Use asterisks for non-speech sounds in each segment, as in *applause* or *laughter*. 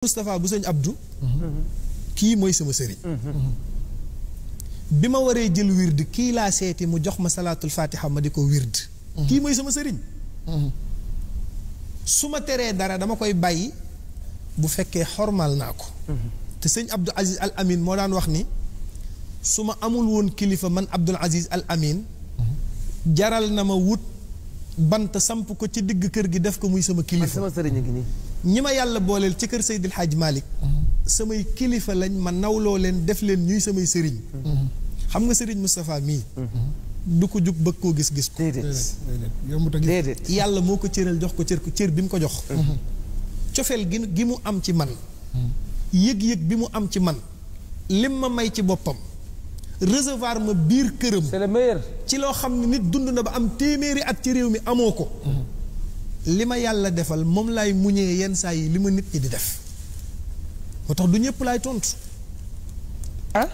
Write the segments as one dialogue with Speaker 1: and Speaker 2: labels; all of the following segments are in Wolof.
Speaker 1: Moustapha bu sëñ Abdou mm-hmm. kii mooy sama sëriñ mm-hmm. bi ma waree jël wird kii laa seeti mu jox ma salaatul fatiha ma di ko wird mm-hmm. kii mooy sama sëriñ su ma teree dara dama koy bàyyi bu fekkee xormal naa ko te sëñ Abdou Aziz Al Amin moo daan wax ni su ma amul woon kilifa man Abdou Aziz Al Amin jaral na ma wut bant samp ko ci digg kër gi def ko muy sama kilifa sama sëriñ ñi ma yàlla booleel ci kër Seydil Hadj Malick samay kilifa lañ ma nawloo leen def leen ñuy samay sëriñ xam nga sëriñ Moustapha mii du ko jug ba koo gis gis ko yàlla moo ko cëral jox ko cër cër bi mu ko jox cofeel gi gi mu am ci man yëg-yëg bi mu am ci man lim ma may ci boppam recevoir ma biir këram ci loo xam ne nit dund na ba am téeméeri at ci réew mi amoo ko li ma yàlla defal moom laay muñee yenn saa yi li ma nit ñi di def moo tax du ñëpp laay tontu. ah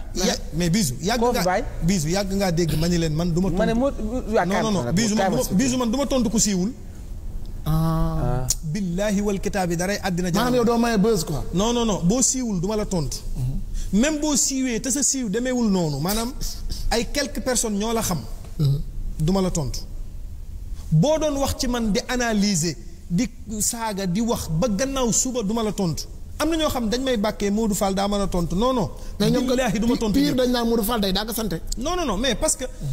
Speaker 1: mais bisu yàgg nga bisu yàgg ngaa dégg ma ni leen man du ma tontu non non non bisu man bisu man du ma tontu ku siiwul ah. Ah. billaahi wal kitaab yi daray àddina jàmm yow doo maye buzz boo siiwul duma la tontu mm-hmm. même boo siiwee te sa siiw demeewul noonu maanaam ay quelques personnes ñoo la xam mm-hmm. duma la tontu boo doon wax ci man di analyser di saaga di wax ba gannaaw suba duma la tontu am na ñoo xam dañ may bàkkee Modou Fall daa man a tontu non non. mais ñoom du ma tontu dañ naan Modou Fall day daa ko sant. non non mhm.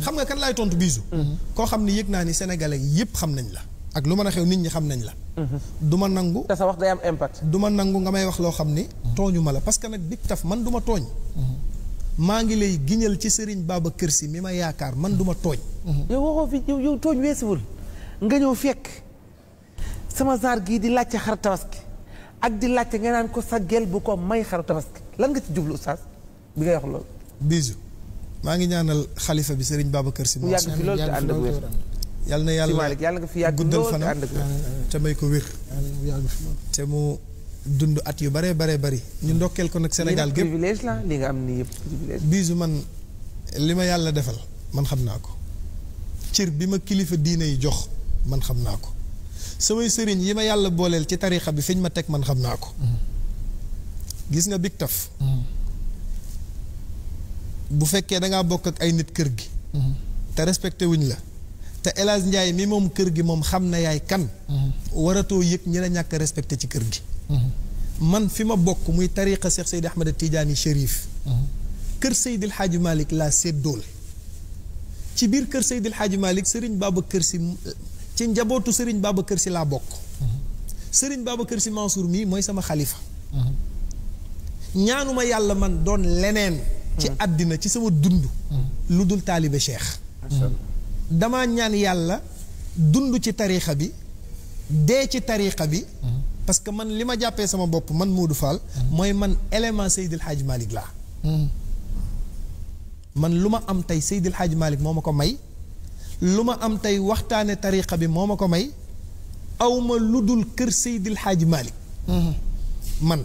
Speaker 1: xam nga kan laay tontu biisu. Mhm. koo xam ne yëg naa ni sénégalais yëpp xam nañ la. ak lu mën a xew nit ñi xam nañ la. Mhm. du ma nangu. te wax day am impact. du ma nangu nga may wax loo xam ni. tooñu ma la parce que nag big taf man du ma tooñ. maa ngi lay giñal ci sëriñ Serigne kër si mi ma yaakaar man du ma tooñ. yow waxoo fi yow tooñ weesuwul nga ñëw fekk sama zaar gii di laajte xar tabaski ak di laajte nga naan ko sa bu ko may xaru tabaski lan nga ci jublu oustaz bi ngay wax loolu. bisu maa ngi ñaanal xalifa bi Serigne Babacar Sy. mu yàgg fi loolu te ànd ak wér. yal na yàlla nga fi yàgg guddal fanam te may ko wér. te mu dund at yu baree baree bari. ñu ndokkeel ko nag Sénégal gépp privilège la li nga am nii yëpp man li ma yàlla defal man xam naa ko. cir bi ma kilifa diine yi jox. man xam naa ko samay sëriñ yi ma yàlla booleel ci tarixa bi fiñ ma teg man xam naa ko gis nga big taf bu fekkee dangaa bokk ak ay nit kër gi te respecté wuñ la te El Hadj mi moom kër gi moom xam na yaay kan waratoo yëg ñi la ñàkk respecté ci kër gi man fi ma bokk muy tariqa Cheikh Seydi Ahmed Tidiane Chérif kër Seydil Hadji Malick laa séddool ci biir kër Seydil Hadji Malick Serigne Babacar Sy ci njabootu Serigne Babacar si laa bokk. Serigne Babacar si Mansour mii mooy sama xalifa. ñaanuma yàlla man doon leneen. ci àddina ci sama dund. lu dul taalibe Cheikh. dama ñaan yàlla dund ci tariixa bi dee ci tariixa bi. parce que man li ma jàppee sama bopp man Modou Fall. mooy man élément Seydil Hadj malik laa. man lu ma am tey Seydil Hadj malik moo ma ko may. lu ma am tey waxtaane tariqa bi moo ma ko may awma lu dul kër Seydil Xaaji Malick man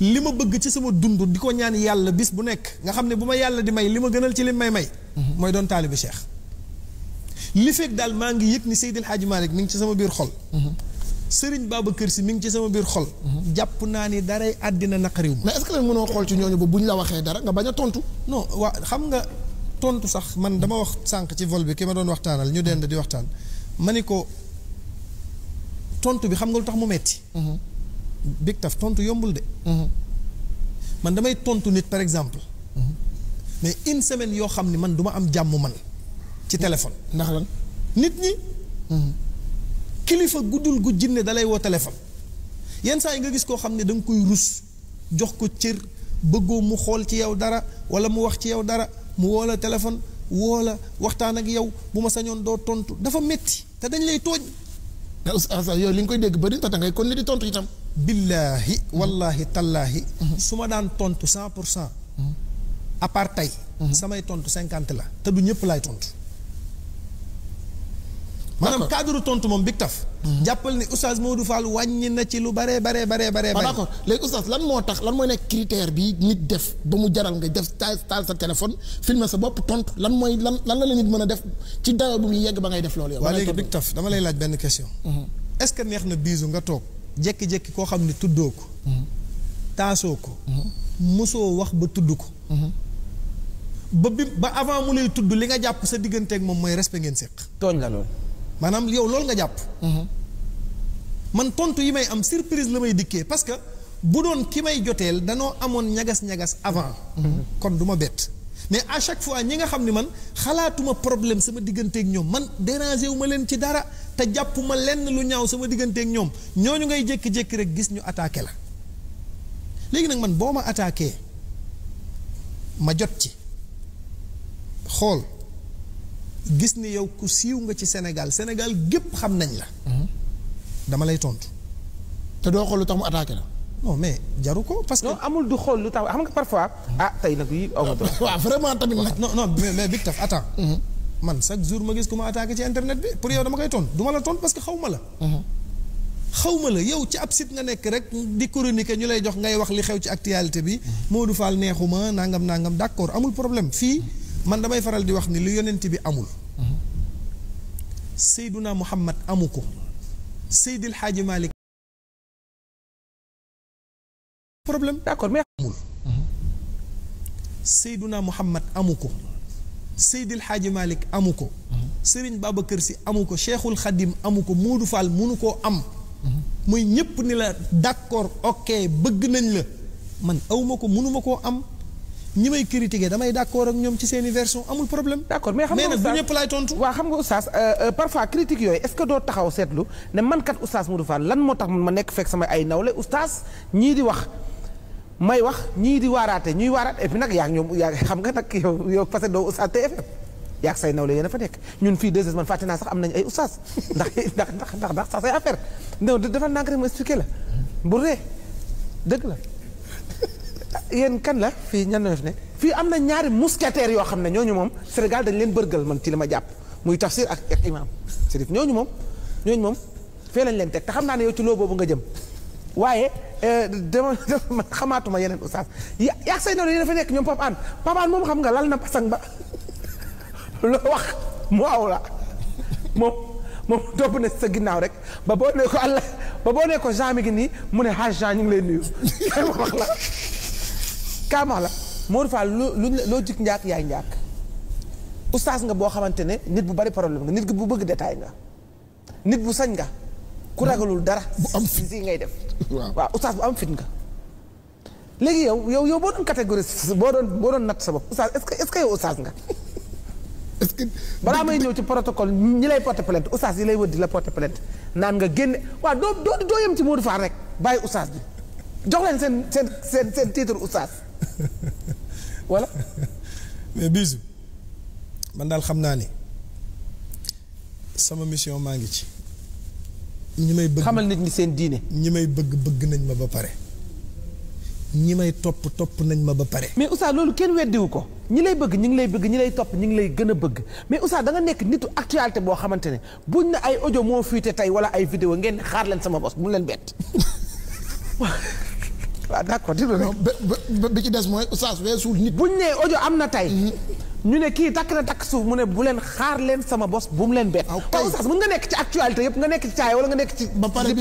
Speaker 1: li ma bëgg ci sama dund di ko ñaan yàlla bis bu nekk nga xam ne bu ma yàlla di may li ma gënal ci li may may mooy doon taalibi cheikh li fekk daal maa ngi yëg ni Seydil Hadji Malick mi ngi ci sama biir xol Serigne Babacar Sy mi ngi ci sama biir xol jàpp naa ni daray àddina naqariw mais est-ce que leen mënoo ci ñooñu bu ñu la waxee dara nga bañ tontu non waa xam nga tontu sax man dama wax sànq ci vol bi ki ma doon waxtaanal ñu dend di waxtaan ma ni ko tontu bi xam nga lu tax mu metti mhm. big taf tontu yombul de mhm. man damay tontu nit par exemple mhm. mais une semaine yoo xam ni man du am jàmm man ci téléphone ndax la nit ñi kilifa guddul gu jinne dalay woo téléphone yenn saa yi nga gis koo xam ne da koy rus jox ko cër bëggoo mu xool ci yow dara wala mu wax ci yow dara mu woo la téléphone woo la waxtaan ak yow bu ma sañoon doo tontu dafa metti te dañ lay tooñ. mais oustaz yow li nga koy dégg bëri te dangay kon ni di tontu itam. billaahi mm-hmm. wallaahi tallaahi. Mm-hmm. su ma daan tontu cent pour cent. Mm-hmm. à part tey. samay tontu cinquante la te du ñëpp laay tontu. maanaam cadre tontu moom big taf mhm. jàppal ne oustaz Modou Fall wàññi na ci lu bare bare bare bare ah, d' accord lan moo tax lan mooy nekk critère bi nit def ba mu jaral nga def taal taal sa téléphone na sa bopp tontu lan mooy lan lan la la nit mën a def ci dayoo bu muy yegg ba ngay def loolu yow waaw léegi big taf dama lay laaj benn question mhm. est que neex na biisu nga toog jékki-jékki koo xam ne tuddoo ko mhm. taasoo ko mosoo wax ba tudd ko ba bi ba avant mu lay tudd li nga jàpp sa digganteeg moom mooy respect ngeen séq tooñ la loolu maanaam yow loolu nga jàpp. Mhm. man tontu yi may am surprise la may dikkee parce que bu doon ki may joteel danoo amoon ñagas-ñagas avant. Mhm. kon du ma bett. mais à chaque fois ñi nga xam ne man xalaatuma problème sama digganteeg ñoom man dérangé wu ma leen ci dara te jàppuma lenn lu ñaaw sama digganteek ñoom ñooñu ngay jékki-jékki rek gis ñu attaqué la léegi nag man boo ma attaqué ma jot ci xool gis ni yow ku siiw nga ci Sénégal Sénégal gépp xam nañ la. dama lay tontu. te doo xool lu tax mu attaqué la. non mais jaru ko parce que. amul du xool lu tax xam nga parfois. ah tey nag yii aw *laughs* waaw tamit nag. non non mais mais Big Taf mm-hmm. man chaque jour ma gis ku ma attaqué ci internet bi pour yow dama koy tontu du ma la tontu parce que xaw ma la. Mm-hmm. xaw ma la yow ci ab site nga nekk rek di chroniquer ñu lay jox ngay wax li xew ci actualité bi. moo mm-hmm. Modou Fall neexuma nangam nangam d'accord amul problème fii. man damay faral di wax ni li yonenti bi amul sayyiduna muhammad amuko ko seydil xaaji malik problème d'accord mais amul sayyiduna muhammad amuko ko seydil xaaji malik amuko serigne babakar Si amuko cheikhul khadim amuko modou Fall munuko am muy ñépp ni la d'accord ok bëgg nañ la man awma munumako am ñi may critiquer damay d' ak ñoom ci seeni i version amul problème. d' accord mais xam nga oustaz mais nag du ñëpp laay tontu. waaw euh, euh, parfois critique yooyu est ce que doo taxaw seetlu ne man kat oustaz Modou Fall lan moo tax man ma nekk fekk sama ay nawle oustaz ñii di wax. may wax ñii di waaraate ñuy waaraat et nag yaa ngi ñoom yaa xam nga nag yow yow parce que doo oustaz TFM yaa ngi say nawle yéen a fa nekk ñun fii deux man fàtte naa sax am nañu ay oustaz *laughs* ndax ndax ndax ndax sax say affaire non dafa nànk rek ma expliqué la bu la. yéen kan la fii ñan ñoo fi fii am na ñaari mousquetaires yoo xam ne ñooñu moom Sénégal dañ leen bërgël man ci li jàpp muy tafsir ak ak imam Serif ñooñu moom ñooñu moom fee lañ leen teg te xam naa ne yow ci loo boobu nga jëm waaye euh, dama dama xamaatuma yeneen oustaz yaa say noonu yi dafa nekk ñoom Pape An Pape moom xam nga lal na pasang ba *laughs* loo wax mu aw la na sa ginnaaw rek ba boo ne ko Allah ba boo ne ko Jean mu ne ah Jean ñu ngi lay nuyu *laughs* wax la kaama la Modou Fall lu loo jik njaak yaay njaak oustaz nga boo xamante ne nit bu bari problème nga nit bu bëgg détail nga nit bu sañ nga ku ragalul dara bu am fit si ngay def waaw oustaz bu am fit nga léegi yow yow yow boo doon catégorie boo doon boo doon natt sa bopp oustaz est-ce que est-ce nga *laughs* est-ce que balaa may ñëw ci protocole ñi lay porter plainte oustaz yi lay wër di la porter plainte naan nga génne waaw doo doo doo yem ci Modou Fall rek bàyyi oustaz bi jox lañ seen seen seen seen titre *laughs* voilà mais bisu man daal xam naa ni sama mission maa ngi ci. ñi may bëgg xamal nit ñi seen diine. ñi may bëgg bëgg nañ ma ba pare. ñi may topp topp nañ ma ba pare. mais Oustaz loolu kenn weddiwu ko ñi lay bëgg ñi ngi lay bëgg ñi lay topp ñi ngi lay gën a bëgg mais Oustaz da nekk nitu actualité boo xamante ne buñ na ay ojo moo fuite tey wala ay vidéo ngeen xaar leen sama bos mu leen bett. *laughs* waaw ah, d'accord bi ci des mooy oustaz weesul nit. buñ nee am na tey. Mhm. ñu ne kii takk na takk suuf mu ne bu leen xaar leen sama bos bu mu leen bett. waaw ah, kay oustaz mën nga nekk ci actualité yëpp nga nekk ci caay wala nga nekk ci. ba pare *laughs*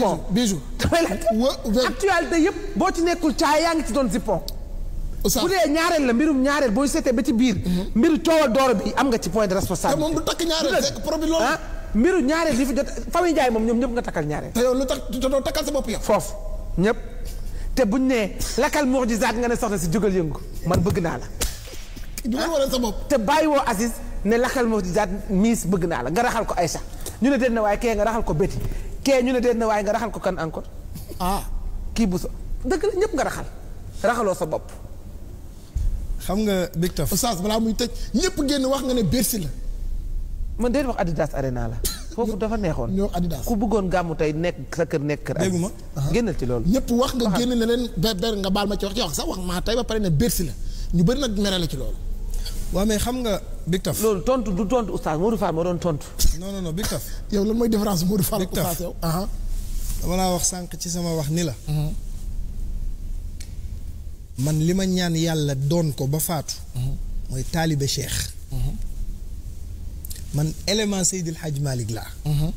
Speaker 1: boo ci nekkul caay yaa ngi ci doon zippon. bu dee ñaareel la mbirum ñaareel booy seetee ba ci biir. Mhm. mbiru coowal dooro bi am nga ci point de ah, jot famille Ndiaye moom ñoom ñëpp nga takkal ñaareel. te yow lu tax doo takkal sa bopp yow. foofu ñëpp. te buñ nee lakkal mordisaat nga ne soxna si jógal yëngu man bëgg naa la. jugal wala sa bopp. te bàyyiwoo Aziz ne lakkal mordisaat miis bëgg naa la nga raxal ko ay sax ñu ne dee na waaye kee nga raxal ko Betty kee ñu ne dee ne waaye nga raxal ko kan encore. ah kii bu so dëgg la ñëpp nga raxal raxaloo sa bopp. xam nga Big Taf. oustaz balaa muy tëj ñëpp génn wax nga ne Bercy la. man déet wax Adidas naa la. foofu dafa neexoon ñoo Adidas ku bëggoon gàmmu tey nekk sa kër nekk kër. a ma génnal ci loolu. ñëpp wax nga génn ne leen ber ber nga baal ma ci wax ci wax sax wax maa tey ba pare ne bersi la ñu bëri nag mere la ci loolu. waaw mais xam nga Big Taf. loolu tontu du tontu oustaz Modou Fall moo doon tontu. *laughs* non non non Big Taf. *laughs* yow lan mooy différence Modou Fall oustaz yow. dama laa wax sànq ci sama wax ni la. man li ma ñaan yàlla doon ko ba faatu. mooy taalibe Cheikh. man élément Seydil Hadj Malick laa mhm.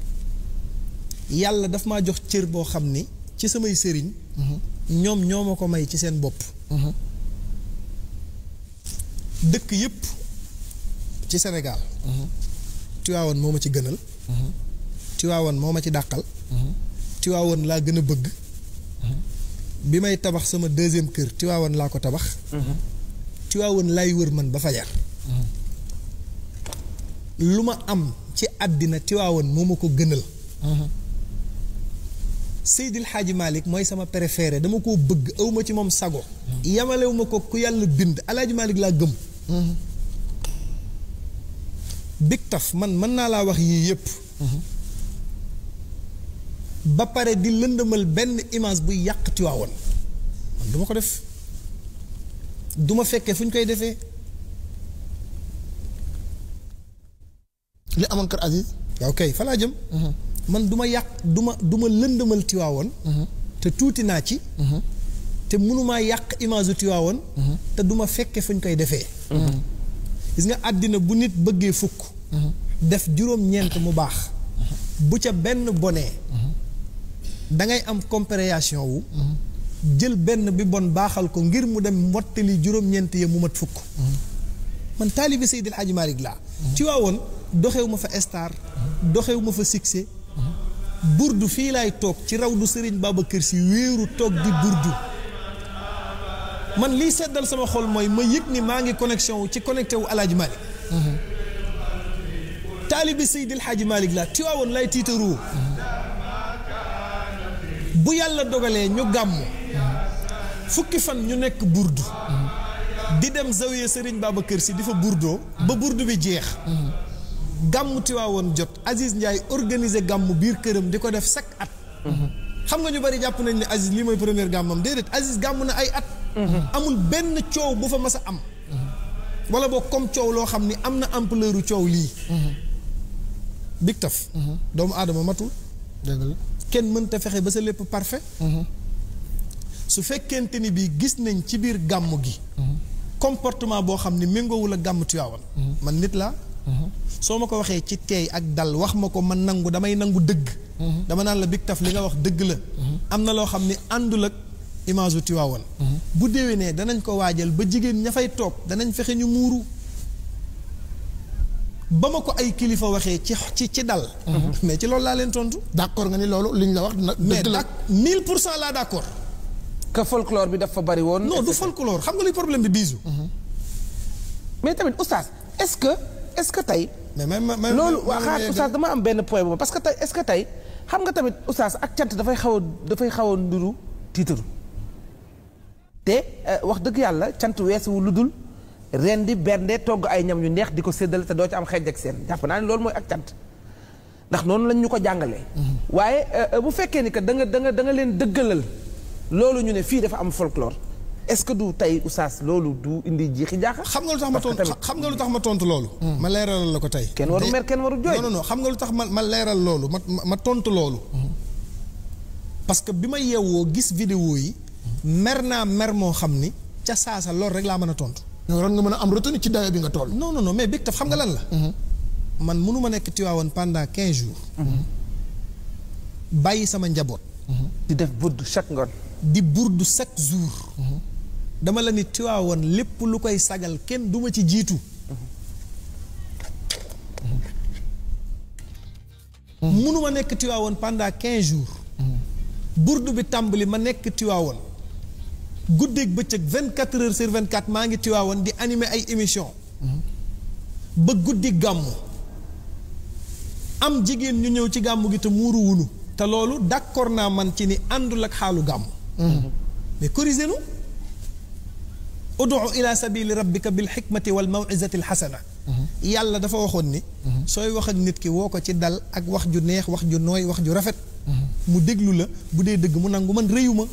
Speaker 1: yàlla daf ma jox cër boo xam ni ci samay sëriñ mhm. ñoom ñoo ma ko may ci seen bopp mhm. dëkk yépp ci Sénégal Tiwaawan moo ma ci gënal Tiwaawan moo ma ci dàqal Tiwaawan laa gën a bëgg bi may tabax sama deuxième kër Tiwaawan laa ko tabax Tiwaawan laay wër man ba fajar lu ma am ci àddina Tiwaawan moo ma ko gënal uh-huh. Seydil Xaaji Malick mooy sama préféré dama ko bëgg awma ci moom sago uh-huh. yamalewu ma ko ku yàlla bind Alaaji Malick laa gëm uh-huh. big taf man mën naa laa wax yii yépp ba pare di lëndëmal benn image bu yàq Tiwaawan man ko def du ma fekkee fu ñu koy defee li amoon kër Aziz. waaw kay jëm. Mhm. man du ma yàq du ma du ma lëndëmal Tiwaawoon. Mhm. te tuuti naa ci. Mhm. te mënumaa yàq image u Tiwaawoon. te du ma fekke fuñ koy defee. gis nga àddina bu nit bëggee fukk. def juróom-ñeent mu baax. bu ca benn bonee. da am compréhension wu. jël benn bi bon baaxal ko ngir mu dem mottali juróom-ñeent ya mu mat fukk. man taalibi Seydil Hadji Malick laa. Tiwaawoon. doxewu ma fa star doxewu ma fa succès burdu fii lay toog ci raw du Serigne Babacar Sy wéeru toog di burdu man liy seddal sama xol mooy ma yëg ni maa ngi connexion wu ci connecté wu Alaaji Malick taalibi Seydil Hadji Malick la Tiwaawoon lay tiitaru bu yàlla dogalee ñu gàmm fukki fan ñu nekk burdu di dem zawiya Serigne kër si di fa burdoo ba burdu bi jeex gàmmu Tiwaawoon jot Aziz Ndiaye organiser gàmmu biir këram di ko def chaque at. xam nga ñu bari jàpp nañ ni Aziz lii mooy première gàmmam déedéet Aziz gàmm na ay at. amul benn coow bu fa mas a am. wala boog comme coow loo xam ni am na ampleur coow lii. big taf. doomu aadama matul. kenn mënta fexe ba sa lépp parfait. su fekkente ni bi gis nañ ci biir gàmm gi. comportement boo xam ni méngoowul a gàmm Tiwaawan man nit laa. soo ma ko waxee ci teey ak dal wax ma ko ma nangu damay nangu dëgg dama naan la big taf li nga wax dëgg la am na loo xam ne àndul ak image u Tiwaawan bu déwénee danañ ko waajal ba jigéen ña fay toog danañ fexe ñu muuru ba ma ko ay kilifa waxee ci ci ci dal mais ci lool laa leen tontu d'accord nga ni loolu liñ la wax mais nag mille pour cent laa d'accord que folklore bi dafa bari woon non du folklore xam nga luy problème bi biisu mais tamit oustaz est-ce que tey. mais loolu waa xaar oustaz dama am benn point boobu parce que tey est xam nga tamit oustaz ak cant dafay xaw a dafay xaw a nduru tiitaru te euh, wax dëgg yàlla cant weesuwu lu dul ren di bernde togg ay ñam yu neex di ko séddale te doo ci am xeej ak seen jàpp naa ne loolu mooy ak cant ndax noonu lañ ñu ko jàngalee. Mm-hmm. waaye euh, euh, bu fekkee ni que da nga da nga da nga leen dëggalal loolu ñu ne fii dafa am folklore. est-ce que du tay oustaz lolu du indi jiixi jaxa xam nga lutax ma tontu xam nga lutax ma tontu lolu ma leral la ko tay ken waru mer ken waru joy non non xam nga lutax ma leral lolu ma tontu hmm. parce que bima yewoo gis vidéo yi. mer naa mer mo xamni ni ca saasa loolu rek la meuna a tontu. nga meuna am retenu ci daye bi nga toll. non non non mais Bictaf xam nga lan la. Hmm. man munu ma nekk wan pendant 15 jours. Hmm. bayyi sama njabot di def burdu chaque ngone di burdu chaque jour. dama la ni Tiwaawoon lépp lu koy sagal kenn duma ci jiitu munuma nekk Tiwaawoon pendant quinze jours burdu bi tàmbali ma nekk Tiwaawoon guddeeg bëccëg vingt quatre heures sur vingt maa ngi Tiwaawoon di animer ay émission ba guddi gàmmu am jigéen ñu ñëw ci gàmmu gi te muuru wunu te loolu d'accord naa man ci ni àndul ak xaalu gàmmu mm-hmm. mais corrigez ادع الى سبيل ربك بالحكمه والموعظه الحسنه يلا دا فا واخون ني سوي واخ اك نيت كي ووكو سي دال اك واخ جو نيه واخ جو نوي واخ جو رافيت مو دغلو لا بودي دغ مو نانغو من ريوما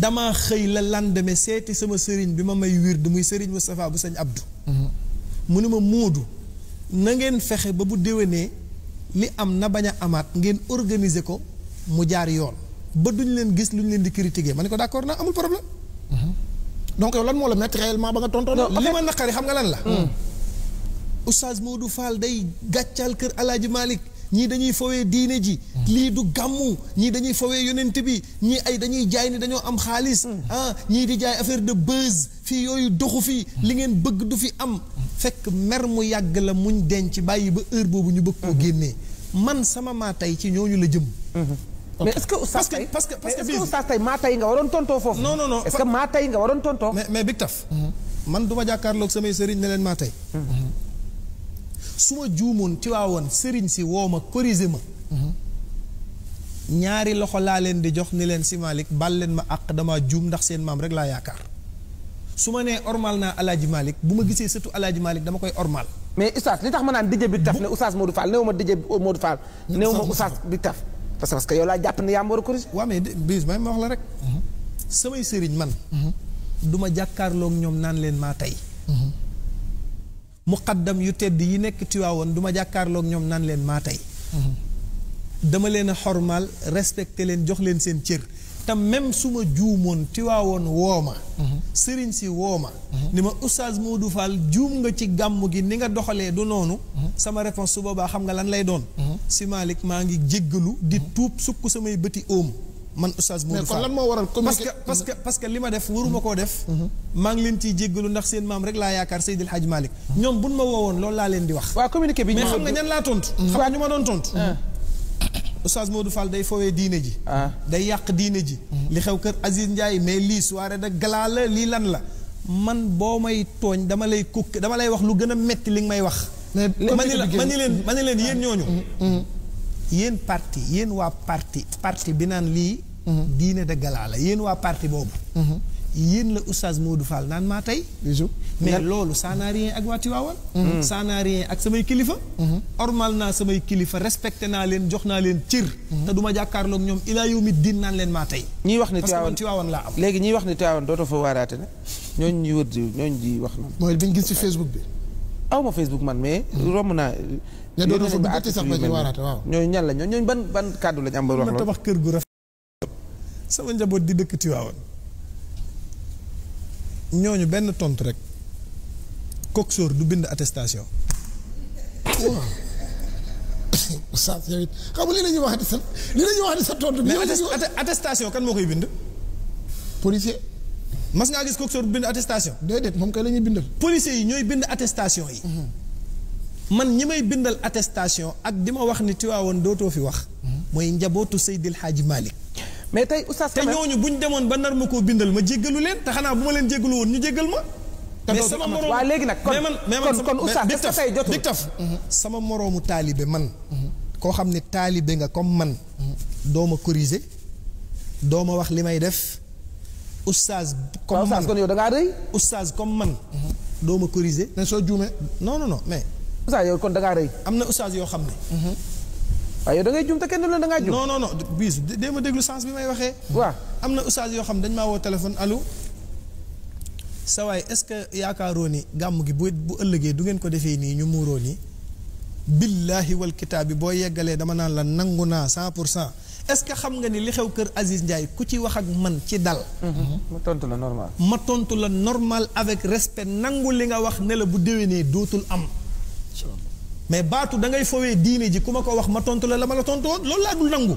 Speaker 1: داما خي لا لاندمي سيتي سما سيرين بما ماي ويرد موي سيرين مصطفى بو سيرين عبدو مونيما مودو نانغين فخي با بو ديواني لي ام نا باña امات نغين اورغانيزي كو مو جار يون با دون لين غيس لون لين دي كريتيكي مانيكو داكور نا امول بروبليم donc yow lan moo la mettre réellement ba nga tontoon. li ma naqari xam nga lan la. Hmm. Oustaz Modou Fall day gàccal kër El Hadj Malick ñii dañuy fowee diine ji. Hmm. lii du gàmmu ñii dañuy fowee yonent bi ñii ay dañuy jaay ni dañoo am xaalis. Hmm. Ah, ñii di jaay affaire de buzz fii yooyu doxu fi. li ngeen bëgg du fi am. fekk mer mu yàgg la muñ denc bàyyi ba heure boobu ñu bëgg koo génnee man sama maa tey ci ñooñu la jëm. mais est-ce que oustaz tey parce que parce que est-ce que oustaz tey maa nga waroon tontoo non non non est-ce que maa nga waroon mais mais mhm. man ne ci mhm. si woo ma ma. Mhm. ñaari loxo laa leen di jox ni leen si Malik, bal leen ma àq dama ndax rek ormal gisee dama koy ormal. mais oustaz li tax ma nan DJ Big ne oustaz Modou Fall néew ma Modou Fall. néew oustaz Big parce que que yow laa jàpp ne yaa ma war a corriger. waaw mais bis may ma wax la samay sëriñ man. du ñoom naan leen maa tey. muqaddam yu tedd yi nekk Tiwaawoon du ma jàkkaarloog ñoom naan leen maa tey. Mhm. dama leen a xormaal respecté leen jox leen seen cër. te même su ma waawoon woo ma mhm. sëriñ si wooma mhm. ni ma oustaz Modou Fall juum nga ci gàmm gi ni nga doxalee du noonu mhm. sama réponse su boobaa xam nga lan lay doon si Malick maa ngi jéggalu di tuub sukk samay bëti óom man oustaz Modou Fall lan li ma def waruma koo def maa ngi leen ciy jéggalu ndax seen maam rek laa yaakaar Seydil Hadj Malick ñoom buñ ma woowoon loolu laa leen di wax waa communiqué bi mais xam nga ñan laa tontu xam nga ma doon tontu ah. Oustaz Modou Fall day fowee diine ji. Ah. day yàq diine ji. Mm-hmm. li xew kër Aziz Ndiaye mais lii soirée de gala lii lan la man boo may tooñ dama lay kukk dama lay wax lu gën a metti li nga may wax. mais ma ni leen ma leen yéen ñooñu. Mm-hmm. Mm-hmm. yéen parti yéen waa parti parti bi naan lii. diine de gala la yéen waa parti boobu. yéen la oustaz Modou Fall naan maa tey. mais loolu ça ak waa Tiwaawan. Mm-hmm. ça ak samay kilifa. Mm-hmm. ormal naa samay kilifa respecté naa leen jox naa leen cër. Mm-hmm. te du ma jàkkaarloog ñoom ilaa yow mi diin naan leen maa tey. ñiy wax ni Tiwaawan parce que Tiwaawan laa am. léegi ñiy wax ni Tiwaawan dootoo fa waaraate ne ñooñu ñuy wër di ñooñu di wax. mooy bi ñu gis ci Facebook bi. aw ma Facebook man mais. romb naa. ne dootoo fa duggati sax ba ci waaraate waaw. ñooñu ñan ban ban kàddu lañ am ba wax raf sama njaboot di dëkk Tiwaawan ñooñu benn tontu rek coxeur du bind attestation. waaw. oustaz yow li la ñuy wax di li la ñuy wax sa tontu. mais attestation kan moo koy bind. policier. mas ngaa gis coxeur du bind attestation. déedéet moom kay la bindal. policiers yi ñooy bind attestation yi. Mhm. man ñi may bindal attestation ak di ma wax ni Tiwaawoon dootoo fi wax. Mhm. mooy njabootu Seydil Hadji Malick. mais tey oustaz te ñooñu bu ñu demoon ba nar ma koo bindal ma jéggalu leen te xanaa bu ma leen jéggalu woon ñu jéggal ma. mais sama moroom waaw léegi nag kon kon kon oustaz est-ce que tey jotul taf mhm. sama moroomu taalibe man. koo xam ne taalibe nga comme man. doo ma doo ma wax li may def. oustaz comme man kon yow comme man. doo ma corriger. ne soo juumee non non non mais. oustaz yow kon da rëy. am na oustaz yoo xam ne. Mhm. waaw ah, yow da ngay jum te kenn du la da ngaa jum. non non dee ma déglu sens bi may waxee. waaw am na ustaas yoo xam dañ maa woo téléphone allo. est-ce que yaakaaroo ni gàmm gi bu bu ëllëgee du ngeen ko defee nii ñu muuroo nii. billahi wal kitaab bi boo yeggalee dama naan la nangu naa cent pour cent est-ce que xam nga ni li xew kër Aziz Ndiaye ku ci wax ak man ci dal. Mm-hmm. ma tontu la normal. ma tontu la normal avec respect nangu li nga wax ne la bu déwénee dootul am. mais baatu da ngay fowee diine ji ku ma ko wax ma tontu la la ma la tontu woon loolu laa dul nangu.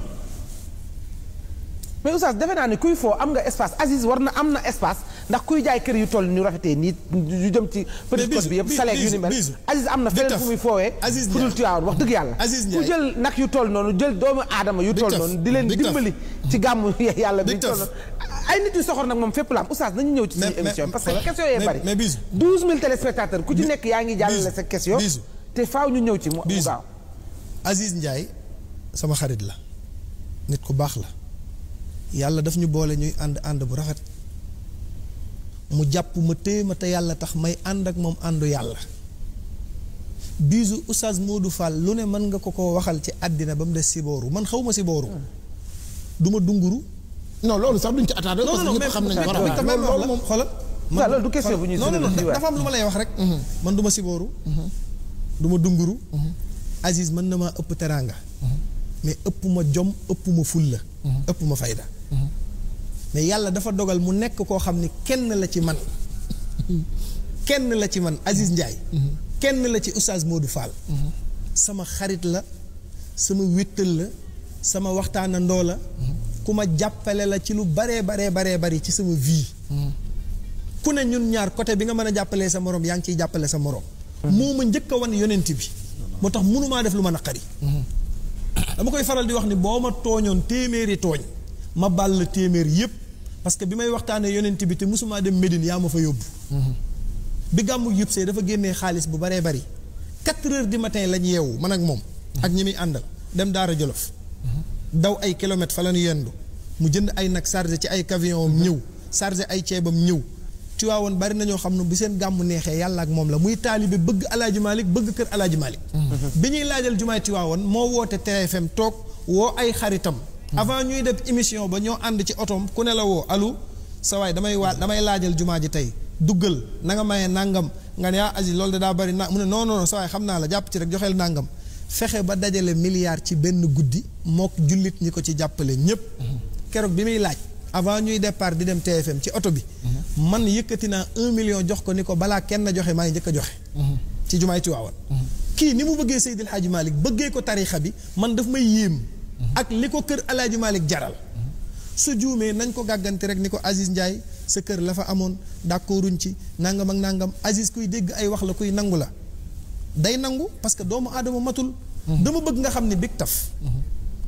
Speaker 1: mais oustaz defe naa ne kuy foo am nga espace Aziz war na am na espace ndax kuy jaay kër yu toll ñu rafetee nii yu jëm ci. petit code bi yëpp salaire yu ni mel. Aziz am na feneen fu muy foowee. Aziz fu dul Tiwaawan wax dëgg yàlla. ku jël nag yu toll noonu jël doomu aadama yu toll noonu. di leen dimbali ci gàmmu *laughs* yàlla bi. toll ay nit yu soxor nag moom fépp yaa ngi jàllale te faaw ñu ñëw ci mu gaaw Aziz Ndiaye sama xarit la nit ku baax la yàlla daf ñu boole ñuy ànd ànd bu rafet mu jàpp ma téye ma te yàlla tax may ànd ak moom àndu yàlla biisu oustaz du Fall lu ne mën nga ko ko waxal ci àddina ba mu des sibooru man xaw ma sibooru hmm. du ma dunguru non loolu sax duñ ci attaqué parce que a loolu moom xoolal man loolu du question bu ñuy lay wax hmm. ma sibooru hmm. duma dunguru mhm. Aziz mën na ma ëpp teraanga mhm. mais ëpp ma jom ëpp ma fulla mhm. ëpp ma fayda mais yàlla dafa dogal mu nekk koo xam ne kenn la ci man kenn la ci man Aziz Ndiaye kenn la ci Oustaz du Fall sama xarit la sama wéttal la sama ndoo la ku ma jàppale la ci lu baree bare baree bari ci sama vie ku ne ñun ñaar côté bi nga mën a jàppalee sa morom yaa ngi ciy jàppale sa morom moo ma njëkk a wan yonent bi moo tax mënumaa def lu ma naqari dama koy faral di wax ni boo ma tooñoon téeméeri tooñ ma bàll la téeméer yépp parce que bi may waxtaanee yonent bi te mosumaa dem Médine yaa ma fa yóbbu bi gàmmu yëpp see dafa génnee xaalis bu baree bari quatre heures du matin lañ yeewu man ak moom ak ñi muy àndal dem Daara Jolof daw ay kilomètres fa la ñu yendu mu jënd ay nag chargé ci ay camion am ñëw chargé ay ceebam ñëw Tiwaawoon bari na ñoo xam ne bu seen gàmmu neexee yàlla ak moom la muy taalibe bëgg Alaaji Malick bëgg kër Alaaji Malick mhm. bi ñuy laajal jumaay Tiwaawoon moo woote TFM toog woo ay xaritam mhm. avant ñuy def émission ba ñoo ànd ci otoom ku ne la woo alu sa waay damay waa damay laajal jumaa ji tey duggal na nga maye nàngam nga ne yaa ah, asi loolu da daa bari na mu ne non non sa waay xam naa la jàpp ci rek joxeel nàngam fexe ba dajale milliard ci benn guddi mook jullit ñi ko ci jàppale ñépp mhm. keroog bi muy laaj avant ñuy départ di dem TFM ci oto bi. Mhm. man yëkkati naa un million jox ko ni ko balaa kenn joxe maa ngi njëkk a joxe. Mhm. ci jumaay Tiwaawan. Mhm. kii ni mu bëggee Seydil Hadji Malick bëggee ko tariixa bi man daf may yéem. ak li ko kër El jaral. su juumee nañ ko gàggante rek ni ko Aziz Ndiaye sa kër la fa amoon d'accorduñ ci nangam ak nangam Aziz kuy dégg ay wax la kuy nangu la. day nangu parce que doomu aadama matul. dama bëgg nga xam ne big taf.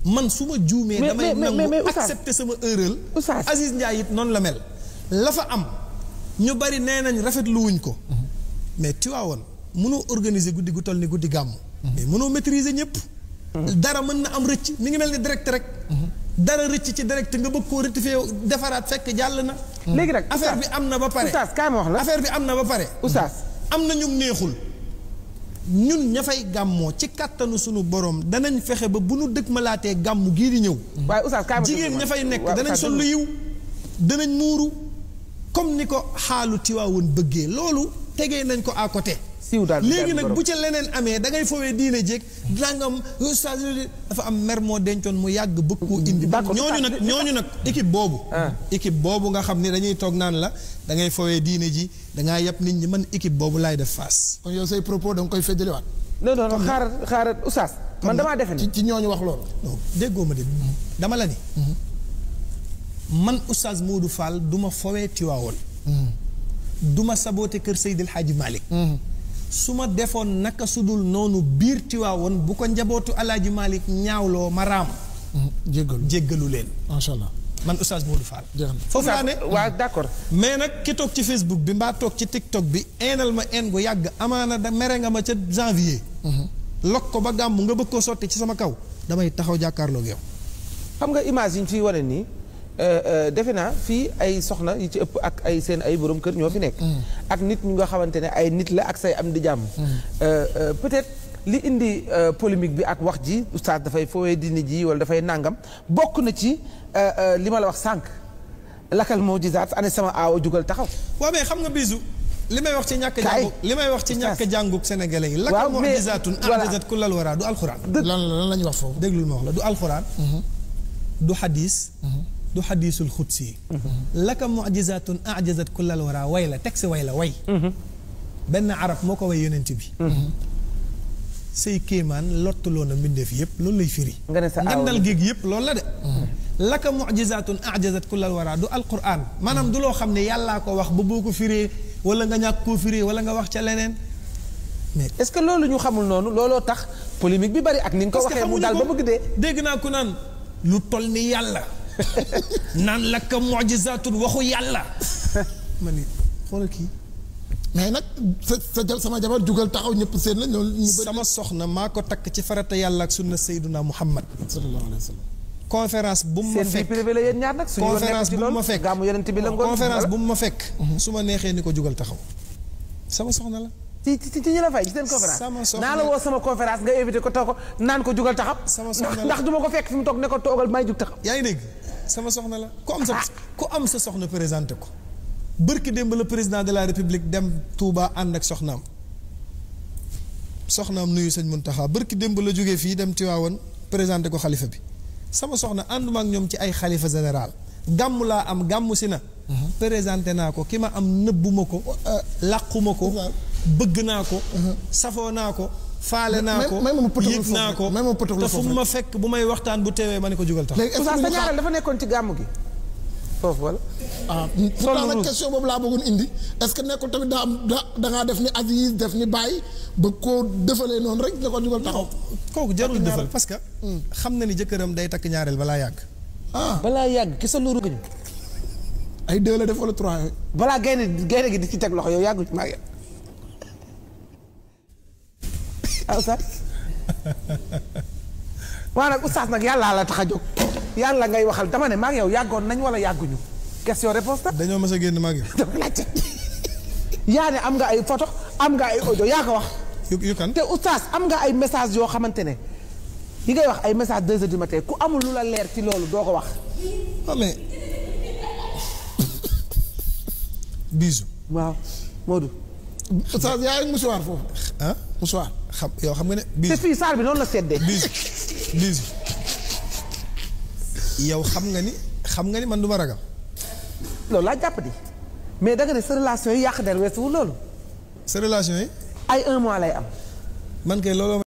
Speaker 1: man su ma juumee. damay nangu accepter sama erreur. Oustaz Aziz Ndiaye it noonu la mel. la fa am ñu bari nee nañ rafetlu wuñ ko. mais Tiwaawoon mënoo organiser guddi gu toll ni guddi gàmm. mais mënoo maîtriser ñëpp. dara mën na am rëcc mi ngi mel ni direct rek. dara rëcc ci direct nga bëgg koo rectifier defaraat fekk jàll na. léegi rek affaire bi am na ba pare. Oustaz kaay wax affaire bi am na ba pare. Oustaz am na ñu neexul. ñun ña fay gàmmoo ci kàttanu sunu borom danañ fexe ba bu nu dëkk malaatee gàmm gii di ñëw. waaye oustaz kaay jigéen ña fay nekk danañ sol lu yiw danañ muuru comme ni ko xaalu Tiwaawoon bëggee loolu tege nañ ko à côté. siiw daal léegi nag bu ca leneen amee da ngay foowee diine jéeg dangam euh, dafa am mer moo dencoon mu yàgg bëgg koo indi ñooñu nag ñooñu nag équipe boobu ah. équipe boobu nga xam ni dañuy toog naan la da ngay foowee diine ji dangaa yàpp nit ñi man équipe boobu laay def face kon yow say propos da nga koy feddaliwaat non non non xaaral xaaral oustaz man damaa defe ne ci ñooñu wax loolu déggoo ma de dama la ni man oustaz Modou Fall du ma fowee Tiwaawoon mm. du ma saboote kër Seydil Hadji Malick mm. su ma defoon naka dul noonu biir Tiwaawoon bu ko njabootu alaaji Malick ñaawloo ma raam jéggalu jéggalu leen macha allah man oustaz Modou Fall foofu laa ne waaw d'accord mais nag ki toog ci Facebook bi mbaa toog ci TikTok bi eenal ma een gu yàgg amaana da mere nga ma ca janvier mhm. lok ko ba gàmm nga bëgg koo sotti ci sama kaw damay taxaw jàkkaarloog yow xam nga image yi ñu fiy wane nii defe fi ay soxna yi ci ëpp ak ay seen ay borom kër ñoo fi nekk. ak nit ñu nga xamantene ay nit la ak say am di jàmm. peut-être li indi polémique bi ak wax ji oustad da fay fowé dini ji wala da fay nangam bokk na ci euh lima la wax sank lakal moo ane sama aawa jugal taxaw. wa mais xam nga bisu. limay wax ci ñak jàngu limay wax ci ñak jangu sénégalais yi lakal moo jisaatun anjazat kullal wara du alxuraan. lan lan lañ wax fofu deglu ma wax la du alxuraan. du hadith du hadithul khudsi laka mujizatun ajazat kullal wara way la teg si way la way benn arab moko way yonenti bi say keman lottuloo na mbindeef yëpp loolu lay firi ngandal géeg yëpp loolu la de laka mujizatun ajazat kullal wara du al qur'an manam du lo xam yalla ko wax bu boo firi wala nga ñàkk koo firi wala nga wax ca leneen mais est ce que loolu ñu xamul noonu looloo tax polémique bi bari ak ni nga ko waxee mu daal ba bëgg dee dégg naa ku naan lu toll ni yàlla *laughs* naan la ka mujizaatul waxu yàlla. *laughs* ma ni xoolal kii. mais nag sa sa sama jabar jugal taxaw ñëpp seen la ñoom sama soxna maa ko takk ci farata yàlla ak sunna Seyduna Muhammad. sallallahu alayhi wa sallam. conférence bu mu ma fekk conférence bu mu ma fekk conférence bu mu ma fekk. su ma neexee ni ko jugal taxaw. sama soxna la. ci ci ci ñu la fay ci seen conférence naa la woo sama conférence nga invité ko toog ko naan ko jugal taxaw. sama soxna ndax du ma ko fekk fi mu toog ne ko toogal may jug taxaw. yaa ngi dégg sama soxna la ku am sa ah. ku am sa soxna présenté ko. bërki démb la président de la république dem Touba ànd ak soxnaam soxnaam nuyu sëñ Muntaxa bërki démb la jógee fii dem Tiwaawan présenté ko xalifa bi sama soxna ànduma ak ñoom ci ay xalifa général gàmm laa am gàmm si na mhm. présenté naa ko ki ma am nëbbuma ko euh, làquma ko bëgg naa ko. Uh-huh. safoo naa ko. faale naa ko yëg naa ko te fu ma fekk bu may waxtaan bu teewee ma ne ko jugal tax. léegi sa ñaareel dafa nekkoon ci gàmm gi. foofu wala. ah pourtant nag boobu laa bëggoon indi est que nekkul tamit daa am da dangaa def ni Aziz def ni Baye ba koo defalee noonu rek da ko jugal taxaw. kooku jarul defal parce que. Hmm. xam na ni jëkkëram day takk ñaareel balaa yàgg. ah balaa yàgg ki sa loru ay deux la def wala trois yooyu. balaa gaynde gaynde gi di ci teg loxo yow yàggul ci maa oustaz waaw nag oustaz nag yàllaa la tax a jóg yàlla ngay waxal dama ne maa ngi yàggoon nañ wala yàgguñu question réponse ta dañoo mës a génn maa ngi yaa ne am nga ay photo am nga ay audio yaa ko wax yu te oustaz am nga ay message yoo xamante ne yi ngay wax ay message deux heures du matin ku amul lu la leer ci loolu doo ko wax ah, mais *laughs* bisu waaw Modou oustaz yaa ngi musuwaar foofu ah musuwaar xam yow xam nga ne. bisu te fii saal bi noonu la seddee. bisu bisu yow xam nga ni xam nga ni man du ma ragal. loolu laa jàpp di mais danga ne sa relation yi yàq der weesuwul loolu. sa relation yi. ay un mois lay am. man kay looloo